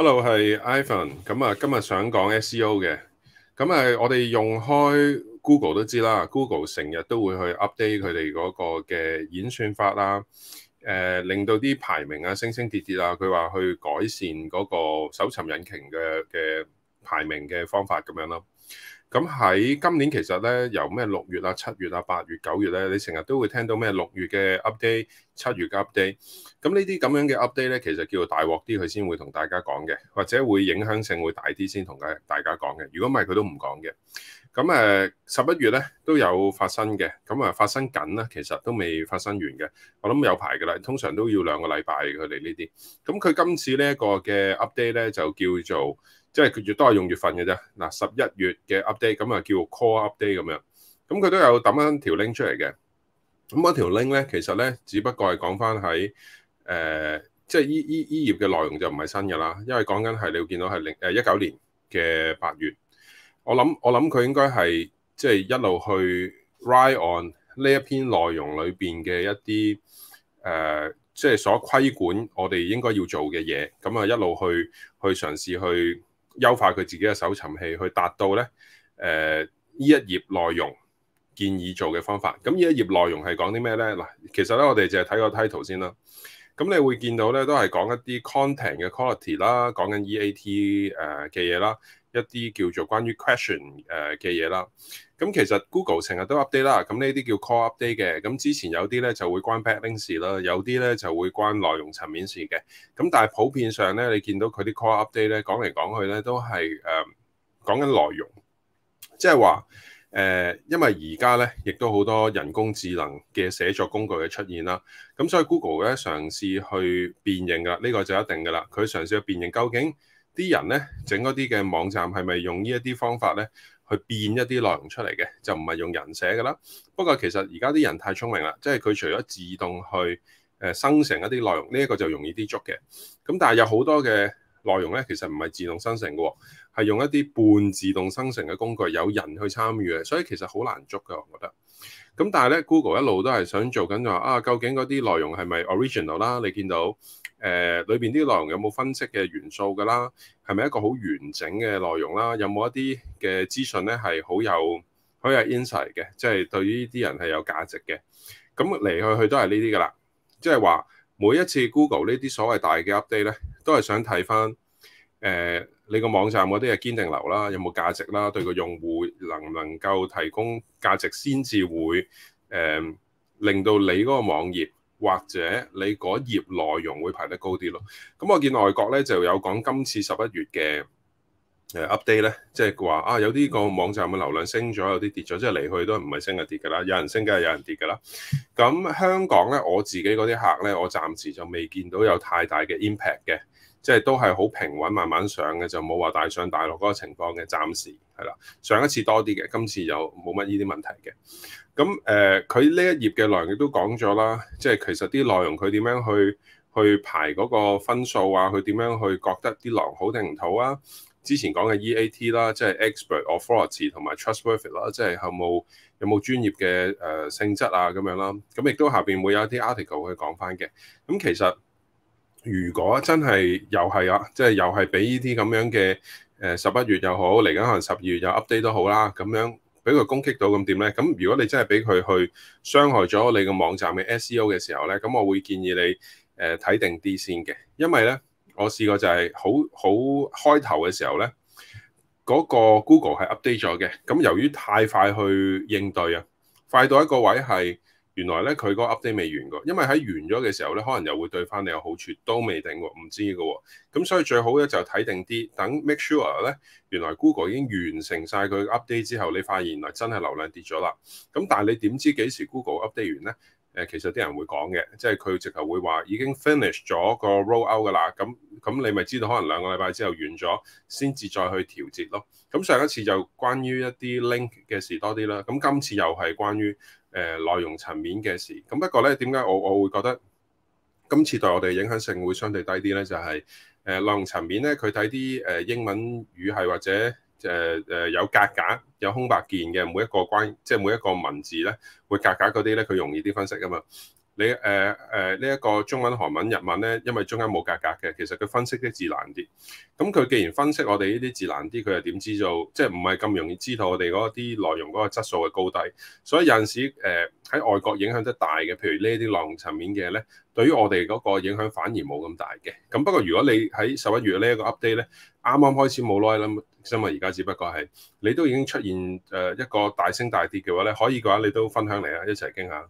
Hello，係 Ivan。咁啊，今日想講 SEO 嘅。咁啊，我哋用開 Google 都知啦。Google 成日都會去 update 佢哋嗰個嘅演算法啦。誒、呃，令到啲排名啊，升升跌跌啊，佢話去改善嗰個搜尋引擎嘅嘅。排名嘅方法咁樣咯。咁喺今年其實咧，由咩六月啊、七月啊、八月、九月咧、啊，你成日都會聽到咩六月嘅 update up、七月嘅 update。咁呢啲咁樣嘅 update 咧，其實叫做大鑊啲，佢先會同大家講嘅，或者會影響性會大啲先同嘅大家講嘅。如果唔係，佢都唔講嘅。咁誒十一月咧都有發生嘅，咁啊發生緊啦，其實都未發生完嘅。我諗有排嘅啦，通常都要兩個禮拜佢哋呢啲。咁佢今次呢一個嘅 update 咧，就叫做。即係佢越多係用月份嘅啫。嗱，十一月嘅 up update 咁啊，叫 core update 咁樣。咁佢都有抌翻條 link 出嚟嘅。咁嗰條 link 咧，其實咧，只不過係講翻喺誒，即係依依依頁嘅內容就唔係新嘅啦，因為講緊係你會見到係零誒一九年嘅八月。我諗我諗佢應該係即係一路去 write on 呢一篇內容裏邊嘅一啲誒，即、呃、係、就是、所規管我哋應該要做嘅嘢，咁啊一路去去嘗試去。優化佢自己嘅搜尋器，去達到咧誒呢、呃、一頁內容建議做嘅方法。咁呢一頁內容係講啲咩咧？嗱，其實咧我哋淨係睇個 title 先啦。咁你會見到咧，都係講一啲 content 嘅 quality 啦，講緊 EAT 誒嘅嘢啦。一啲叫做關於 question 誒嘅嘢啦，咁、嗯、其實 Google 成日都 update 啦，咁呢啲叫 core update 嘅，咁、嗯、之前有啲咧就會關 backlink 事啦，有啲咧就會關內容層面事嘅，咁、嗯、但係普遍上咧，你見到佢啲 core update 咧講嚟講去咧都係誒、嗯、講緊內容，即係話誒，因為而家咧亦都好多人工智能嘅寫作工具嘅出現啦，咁、嗯、所以 Google 咧嘗試去辨認噶，呢、這個就一定噶啦，佢嘗試去辨認究竟啲人咧整嗰啲嘅網站係咪用呢一啲方法咧去變一啲內容出嚟嘅，就唔係用人寫㗎啦。不過其實而家啲人太聰明啦，即係佢除咗自動去誒生成一啲內容，呢一個就容易啲捉嘅。咁但係有好多嘅內容咧，其實唔係自動生成嘅，係用一啲半自動生成嘅工具，有人去參與嘅，所以其實好難捉㗎，我覺得。咁但係咧，Google 一路都係想做緊就話啊，究竟嗰啲內容係咪 original 啦？你見到。誒裏邊啲內容有冇分析嘅元素㗎啦？係咪一個好完整嘅內容啦？有冇一啲嘅資訊咧係好有好有 insight 嘅，即係對於呢啲人係有價值嘅。咁嚟去去都係呢啲㗎啦。即係話每一次 Google 呢啲所謂大嘅 update 咧，都係想睇翻誒你個網站嗰啲嘅堅定流啦，有冇價值啦？對個用戶能唔能夠提供價值先至會誒、呃、令到你嗰個網頁。或者你嗰頁內容會排得高啲咯。咁我見外國呢就有講今次十一月嘅。誒、uh, update 咧，即係話啊，有啲個網站嘅流量升咗，有啲跌咗，即係嚟去都唔係升就跌㗎啦。有人升梗係有人跌㗎啦。咁香港咧，我自己嗰啲客咧，我暫時就未見到有太大嘅 impact 嘅，即係都係好平穩，慢慢上嘅，就冇話大上大落嗰個情況嘅。暫時係啦，上一次多啲嘅，今次又冇乜呢啲問題嘅。咁誒，佢、呃、呢一頁嘅內容亦都講咗啦，即係其實啲內容佢點樣去去排嗰個分數啊？佢點樣去覺得啲狼好定唔好啊？之前講嘅 EAT 啦，即係 expert authority 同埋 trustworthy 啦，即係有冇有冇專業嘅誒、呃、性質啊咁樣啦。咁亦都下邊會有一啲 article 去講返嘅。咁、嗯、其實如果真係又係啊，即、就、係、是、又係俾呢啲咁樣嘅誒十一月又好，嚟緊可能十二月又 update 都好啦，咁樣俾佢攻擊到咁點咧？咁、嗯、如果你真係俾佢去傷害咗你個網站嘅 SEO 嘅時候咧，咁、嗯、我會建議你誒睇、呃、定啲先嘅，因為咧。我試過就係好好開頭嘅時候咧，嗰個 Google 係 update 咗嘅。咁由於太快去應對啊，快到一個位係原來咧佢個 update 未完嘅，因為喺完咗嘅時候咧，可能又會對翻你有好處，都未定喎，唔知嘅喎。咁所以最好咧就睇定啲，等 make sure 咧原來 Google 已經完成晒佢 update 之後，你發現原來真係流量跌咗啦。咁但係你點知幾時 Google update 完咧？誒其實啲人會講嘅，即係佢直頭會話已經 finish 咗個 roll out 噶啦，咁咁你咪知道可能兩個禮拜之後完咗，先至再去調節咯。咁上一次就關於一啲 link 嘅事多啲啦，咁今次又係關於誒、呃、內容層面嘅事。咁不過咧，點解我我會覺得今次對我哋嘅影響性會相對低啲咧？就係、是、誒、呃、內容層面咧，佢睇啲誒英文語系或者。誒誒、呃、有格格，有空白鍵嘅每一個關，即係每一個文字咧，會格格嗰啲咧，佢容易啲分析㗎嘛。你誒誒呢一個中文、韓文、日文咧，因為中間冇格格嘅，其實佢分析啲字難啲。咁佢既然分析我哋呢啲字難啲，佢又點知道？即係唔係咁容易知道我哋嗰啲內容嗰個質素嘅高低？所以有陣時誒喺、呃、外國影響得大嘅，譬如呢一啲內容層面嘅咧，對於我哋嗰個影響反而冇咁大嘅。咁不過如果你喺十一月呢一個 update 咧，啱啱開始冇耐啦。因為而家只不過係，你都已經出現誒一個大升大跌嘅話咧，你可以嘅話你都分享嚟啊，一齊傾下。